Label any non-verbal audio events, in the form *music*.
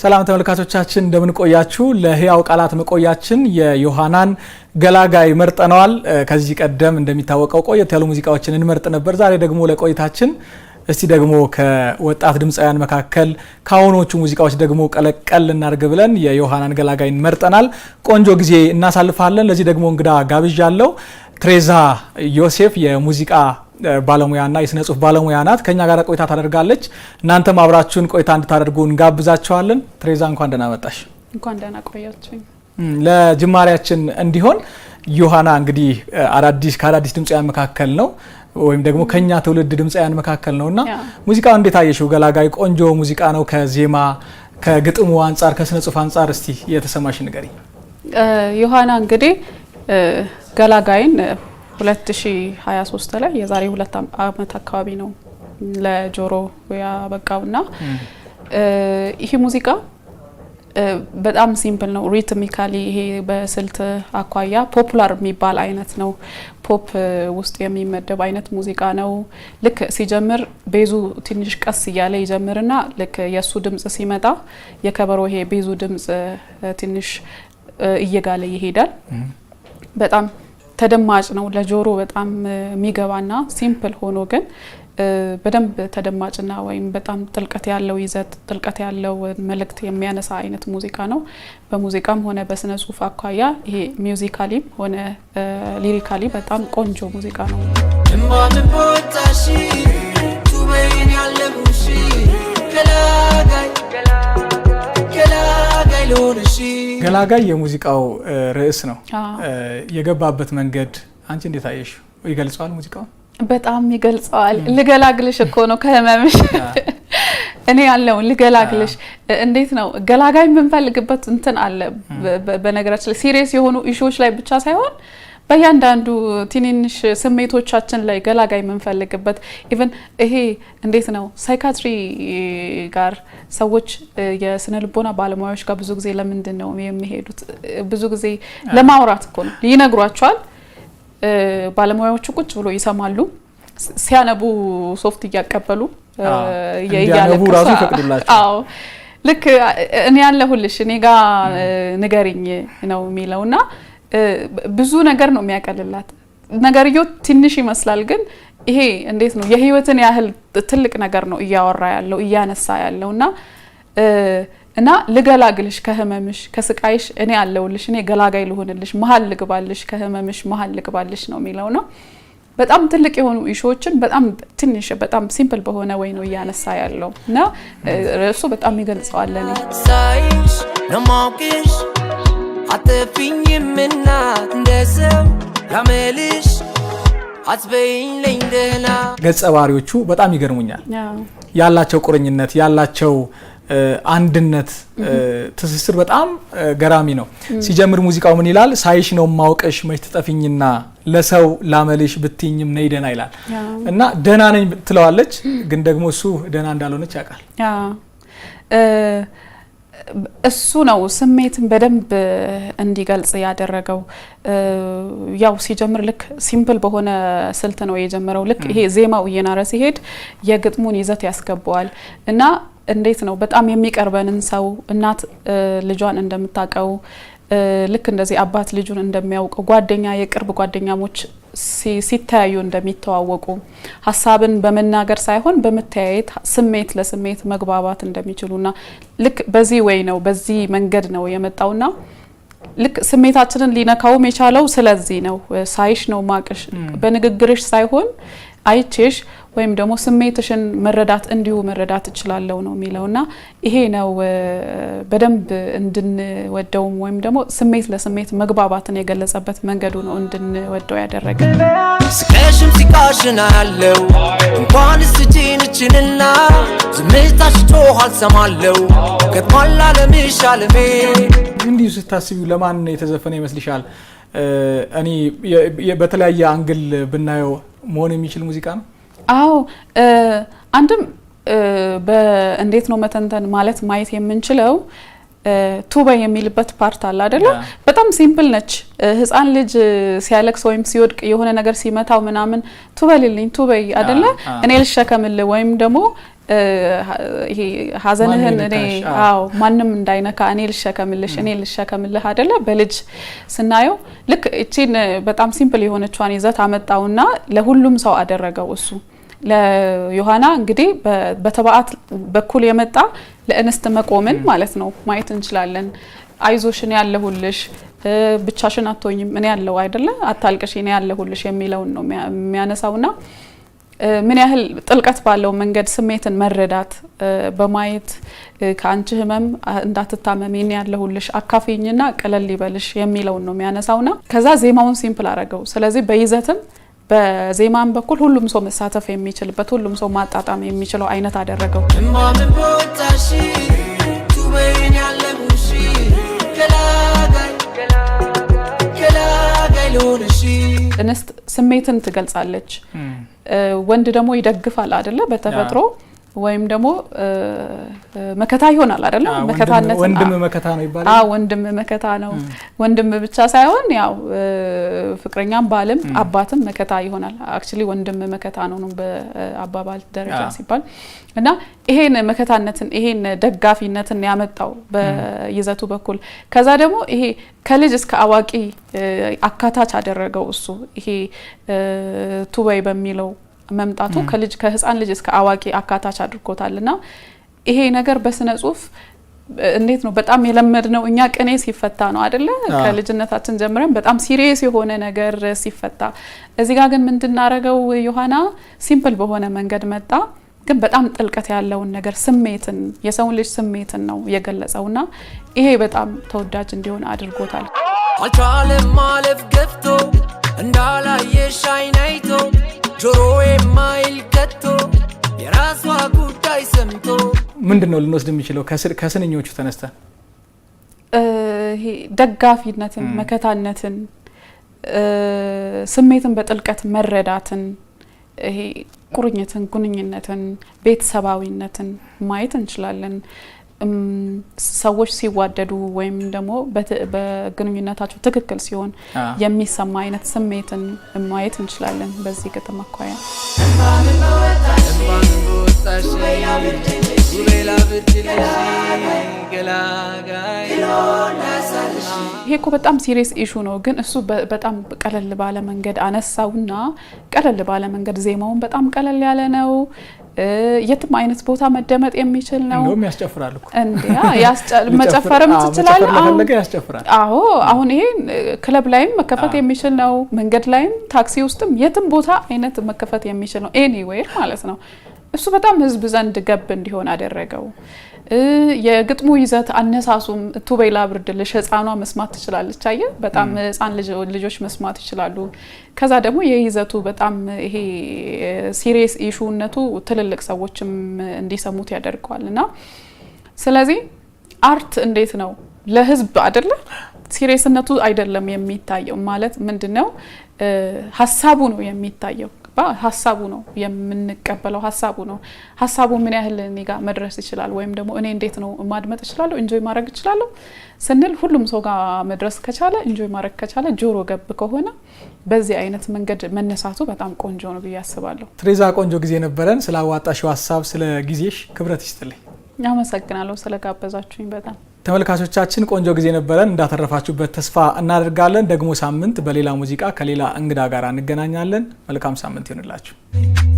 ሰላም ተመልካቾቻችን እንደምን ቆያችሁ? ለህያው ቃላት መቆያችን የዮሐናን ገላጋይ መርጠነዋል። ከዚህ ቀደም እንደሚታወቀው ቆየት ያሉ ሙዚቃዎችን እንመርጥ ነበር። ዛሬ ደግሞ ለቆይታችን እስቲ ደግሞ ከወጣት ድምፃውያን መካከል ከአሁኖቹ ሙዚቃዎች ደግሞ ቀለቀል እናድርግ ብለን የዮሐናን ገላጋይን መርጠናል። ቆንጆ ጊዜ እናሳልፋለን። ለዚህ ደግሞ እንግዳ ጋብዣ አለው ትሬዛ ዮሴፍ የሙዚቃ ባለሙያና የስነ ጽሁፍ ባለሙያ ናት። ከኛ ጋር ቆይታ ታደርጋለች። እናንተም አብራችሁን ቆይታ እንድታደርጉ እንጋብዛችኋለን። ትሬዛ እንኳን ደህና መጣሽ። እንኳን ደህና ቆያችሁኝ። ለጅማሪያችን እንዲሆን ዮሃና እንግዲህ አዳዲስ ከአዳዲስ ድምፃውያን መካከል ነው ወይም ደግሞ ከኛ ትውልድ ድምፃውያን መካከል ነው እና ሙዚቃው እንዴት አየሽው? ገላጋይ ቆንጆ ሙዚቃ ነው። ከዜማ ከግጥሙ አንጻር ከስነ ጽሁፍ አንጻር እስቲ የተሰማሽ ንገሪ። ዮሐና እንግዲህ ገላጋይን 2023 ላይ የዛሬ ሁለት ዓመት አካባቢ ነው ለጆሮ ያበቃው እና ይሄ ሙዚቃ በጣም ሲምፕል ነው። ሪትሚካሊ ይሄ በስልት አኳያ ፖፑላር የሚባል አይነት ነው። ፖፕ ውስጥ የሚመደብ አይነት ሙዚቃ ነው። ልክ ሲጀምር ቤዙ ትንሽ ቀስ እያለ ይጀምርና ልክ የእሱ ድምጽ ሲመጣ የከበሮ ይሄ ቤዙ ድምጽ ትንሽ እየጋለ ይሄዳል በጣም ተደማጭ ነው ለጆሮ በጣም የሚገባና ሲምፕል ሆኖ ግን በደንብ ተደማጭና ወይም በጣም ጥልቀት ያለው ይዘት ጥልቀት ያለው መልእክት የሚያነሳ አይነት ሙዚቃ ነው። በሙዚቃም ሆነ በስነ ጽሁፍ አኳያ ይሄ ሚውዚካሊም ሆነ ሊሪካሊ በጣም ቆንጆ ሙዚቃ ነው። ቱበይን ገላጋይ ገላጋይ የሙዚቃው ርዕስ ነው። የገባበት መንገድ አንቺ እንዴት አየሽ? ይገልጸዋል ሙዚቃው በጣም ይገልጸዋል። ልገላግልሽ እኮ ነው ከህመምሽ እኔ ያለውን ልገላግልሽ። እንዴት ነው ገላጋይ የምንፈልግበት እንትን አለ። በነገራችን ላይ ሲሪየስ የሆኑ ኢሹዎች ላይ ብቻ ሳይሆን በእያንዳንዱ ትንንሽ ስሜቶቻችን ላይ ገላጋይ የምንፈልግበት ኢቨን ይሄ እንዴት ነው ሳይካትሪ ጋር ሰዎች የስነ ልቦና ባለሙያዎች ጋር ብዙ ጊዜ ለምንድን ነው የሚሄዱት? ብዙ ጊዜ ለማውራት እኮ ነው። ይነግሯቸዋል። ባለሙያዎቹ ቁጭ ብሎ ይሰማሉ። ሲያነቡ ሶፍት እያቀበሉ እያለቁ ልክ እኔ ያለሁልሽ እኔ ጋ ንገሪኝ ነው እና? ብዙ ነገር ነው የሚያቀልላት። ነገርየው ትንሽ ይመስላል፣ ግን ይሄ እንዴት ነው የህይወትን ያህል ትልቅ ነገር ነው እያወራ ያለው እያነሳ ያለው እና እና ልገላግልሽ ከህመምሽ ከስቃይሽ እኔ አለውልሽ፣ እኔ ገላጋይ ልሆንልሽ፣ መሀል ልግባልሽ፣ ከህመምሽ መሀል ልግባልሽ ነው የሚለው ነው። በጣም ትልቅ የሆኑ ኢሹዎችን በጣም ትንሽ በጣም ሲምፕል በሆነ ወይ ነው እያነሳ ያለው እና ርዕሱ በጣም ይገልጸዋል አጠፊኝምና እንደ ሰው ላመልሽ አትበይኝ ደህና። ገጸ ባህሪዎቹ በጣም ይገርሙኛል። ያላቸው ቁርኝነት ያላቸው አንድነት ትስስር በጣም ገራሚ ነው። ሲጀምር ሙዚቃው ምን ይላል? ሳይሽ ነው ማውቀሽ መች ትጠፊኝና ለሰው ላመልሽ ብትኝም ነይ ደና ይላል እና ደና ነኝ ትለዋለች፣ ግን ደግሞ እሱ ደና እንዳልሆነች ያውቃል። እሱ ነው ስሜትን በደንብ እንዲገልጽ ያደረገው። ያው ሲጀምር ልክ ሲምፕል በሆነ ስልት ነው የጀመረው። ልክ ይሄ ዜማው እየናረ ሲሄድ የግጥሙን ይዘት ያስገባዋል እና እንዴት ነው በጣም የሚቀርበንን ሰው እናት ልጇን እንደምታውቀው ልክ እንደዚህ አባት ልጁን እንደሚያውቀው ጓደኛ የቅርብ ጓደኛሞች ሲተያዩ እንደሚተዋወቁ ሀሳብን በመናገር ሳይሆን በመተያየት ስሜት ለስሜት መግባባት እንደሚችሉና ልክ በዚህ ወይ ነው በዚህ መንገድ ነው የመጣውና ልክ ስሜታችንን ሊነካውም የቻለው ስለዚህ ነው። ሳይሽ ነው ማቅሽ በንግግርሽ ሳይሆን አይቼሽ ወይም ደግሞ ስሜትሽን መረዳት እንዲሁ መረዳት እችላለሁ ነው የሚለው እና ይሄ ነው በደንብ እንድንወደውም ወይም ደግሞ ስሜት ለስሜት መግባባትን የገለጸበት መንገዱ ነው እንድንወደው ያደረገ። ስቀሽም ሲቃሽን አያለው እንኳን ስጂን እችልና ዝምታሽ አልሰማለው ከቷላ ለምሽ እንዲሁ ስታስቢው ለማን የተዘፈነ ይመስልሻል? እኔ በተለያየ አንግል ብናየው መሆን የሚችል ሙዚቃ ነው። አዎ አንድም እንዴት ነው መተንተን ማለት ማየት የምንችለው ቱባ የሚልበት ፓርት አለ አይደለ? በጣም ሲምፕል ነች። ህፃን ልጅ ሲያለቅስ ወይም ሲወድቅ የሆነ ነገር ሲመታው ምናምን ቱበልልኝ ቱበይ አይደለ? እኔ ልሸከምል ወይም ደግሞ ይሄ ሀዘንህን እኔ አዎ ማንም እንዳይነካ እኔ ልሸከምልሽ እኔ ልሸከምልህ አይደለ? በልጅ ስናየው ልክ እቺን በጣም ሲምፕል የሆነችዋን ይዘት አመጣውና ለሁሉም ሰው አደረገው እሱ ለዮሐና እንግዲህ በተባአት በኩል የመጣ ለእንስት መቆምን ማለት ነው ማየት እንችላለን። አይዞሽን ያለሁልሽ ብቻሽን አትሆኝም እኔ ያለው አይደለ አታልቅሽ እኔ ያለሁልሽ የሚለውን ነው የሚያነሳውና ምን ያህል ጥልቀት ባለው መንገድ ስሜትን መረዳት በማየት ከአንቺ ህመም እንዳትታመም እኔ ያለሁልሽ አካፊኝና ቀለል ይበልሽ የሚለውን ነው የሚያነሳውና ከዛ ዜማውን ሲምፕል አረገው። ስለዚህ በይዘትም በዜማም በኩል ሁሉም ሰው መሳተፍ የሚችልበት ሁሉም ሰው ማጣጣም የሚችለው አይነት አደረገው። እንስት ስሜትን ትገልጻለች፣ ወንድ ደግሞ ይደግፋል አይደለ በተፈጥሮ ወይም ደግሞ መከታ ይሆናል አይደለም። መከታነት ወንድም መከታ ነው ይባላል። አዎ ወንድም መከታ ነው። ወንድም ብቻ ሳይሆን ያው ፍቅረኛም፣ ባልም፣ አባትም መከታ ይሆናል። አክቹሊ ወንድም መከታ ነው ነው በአባባል ደረጃ ሲባል እና ይሄን መከታነትን ይሄን ደጋፊነትን ያመጣው በይዘቱ በኩል ከዛ ደግሞ ይሄ ከልጅ እስከ አዋቂ አካታች አደረገው እሱ ይሄ ቱበይ በሚለው መምጣቱ ከልጅ ከህፃን ልጅ እስከ አዋቂ አካታች አድርጎታል እና ይሄ ነገር በስነ ጽሁፍ እንዴት ነው በጣም የለመድ ነው። እኛ ቅኔ ሲፈታ ነው አደለ? ከልጅነታችን ጀምረን በጣም ሲሪየስ የሆነ ነገር ሲፈታ፣ እዚህ ጋር ግን ምንድናረገው ዮሐና ሲምፕል በሆነ መንገድ መጣ። ግን በጣም ጥልቀት ያለውን ነገር ስሜትን፣ የሰውን ልጅ ስሜትን ነው የገለጸው ና ይሄ በጣም ተወዳጅ እንዲሆን አድርጎታል። አልቻለም ማለፍ ገፍቶ እንዳላየሽ አይናይቶ ጆሮ የማይል ከቶ የራሷ ጉዳይ ሰምቶ ምንድን ነው ልንወስድ የሚችለው ከስንኞቹ ተነስተን ደጋፊነትን፣ መከታነትን፣ ስሜትን በጥልቀት መረዳትን፣ ይሄ ቁርኝትን፣ ጉንኝነትን፣ ቤተሰባዊነትን ማየት እንችላለን። ሰዎች ሲዋደዱ ወይም ደግሞ በግንኙነታቸው ትክክል ሲሆን የሚሰማ አይነት ስሜትን ማየት እንችላለን። በዚህ ግጥም አኳያ ይሄ እኮ በጣም ሲሪየስ ኢሹ ነው፣ ግን እሱ በጣም ቀለል ባለ መንገድ አነሳውና ቀለል ባለ መንገድ ዜማውን በጣም ቀለል ያለ ነው። የትም አይነት ቦታ መደመጥ የሚችል ነው። እንደውም ያስጨፍራል እኮ *laughs* መጨፈርም አዎ አሁን ይሄ ክለብ ላይም መከፈት የሚችል ነው። መንገድ ላይም ታክሲ ውስጥም የትም ቦታ አይነት መከፈት የሚችል ነው። ኤኒዌር ማለት ነው። እሱ በጣም ህዝብ ዘንድ ገብ እንዲሆን አደረገው። የግጥሙ ይዘት አነሳሱም እቱ በይላ ልሽ ህፃኗ መስማት ትችላለች። አየ በጣም ህፃን ልጆች መስማት ይችላሉ። ከዛ ደግሞ የይዘቱ በጣም ይሄ ሲሪየስ ኢሹነቱ ትልልቅ ሰዎችም እንዲሰሙት ያደርገዋል። እና ስለዚህ አርት እንዴት ነው ለህዝብ አይደለም ሲሪየስነቱ አይደለም የሚታየው ማለት ምንድን ነው ሀሳቡ ነው የሚታየው ሀሳቡ ነው የምንቀበለው፣ ሀሳቡ ነው ሀሳቡ ምን ያህል እኔ ጋር መድረስ ይችላል ወይም ደግሞ እኔ እንዴት ነው ማድመጥ እችላለሁ፣ ኢንጆይ ማድረግ እችላለሁ ስንል ሁሉም ሰው ጋር መድረስ ከቻለ ኢንጆይ ማድረግ ከቻለ ጆሮ ገብ ከሆነ በዚህ አይነት መንገድ መነሳቱ በጣም ቆንጆ ነው ብዬ አስባለሁ። ትሬዛ ቆንጆ ጊዜ ነበረን። ስለ አዋጣሽው ሀሳብ ስለ ጊዜሽ ክብረት ይስጥልኝ። አመሰግናለሁ ስለጋበዛችሁኝ በጣም ተመልካቾቻችን ቆንጆ ጊዜ ነበረን። እንዳተረፋችሁበት ተስፋ እናደርጋለን። ደግሞ ሳምንት በሌላ ሙዚቃ ከሌላ እንግዳ ጋር እንገናኛለን። መልካም ሳምንት ይሆንላችሁ።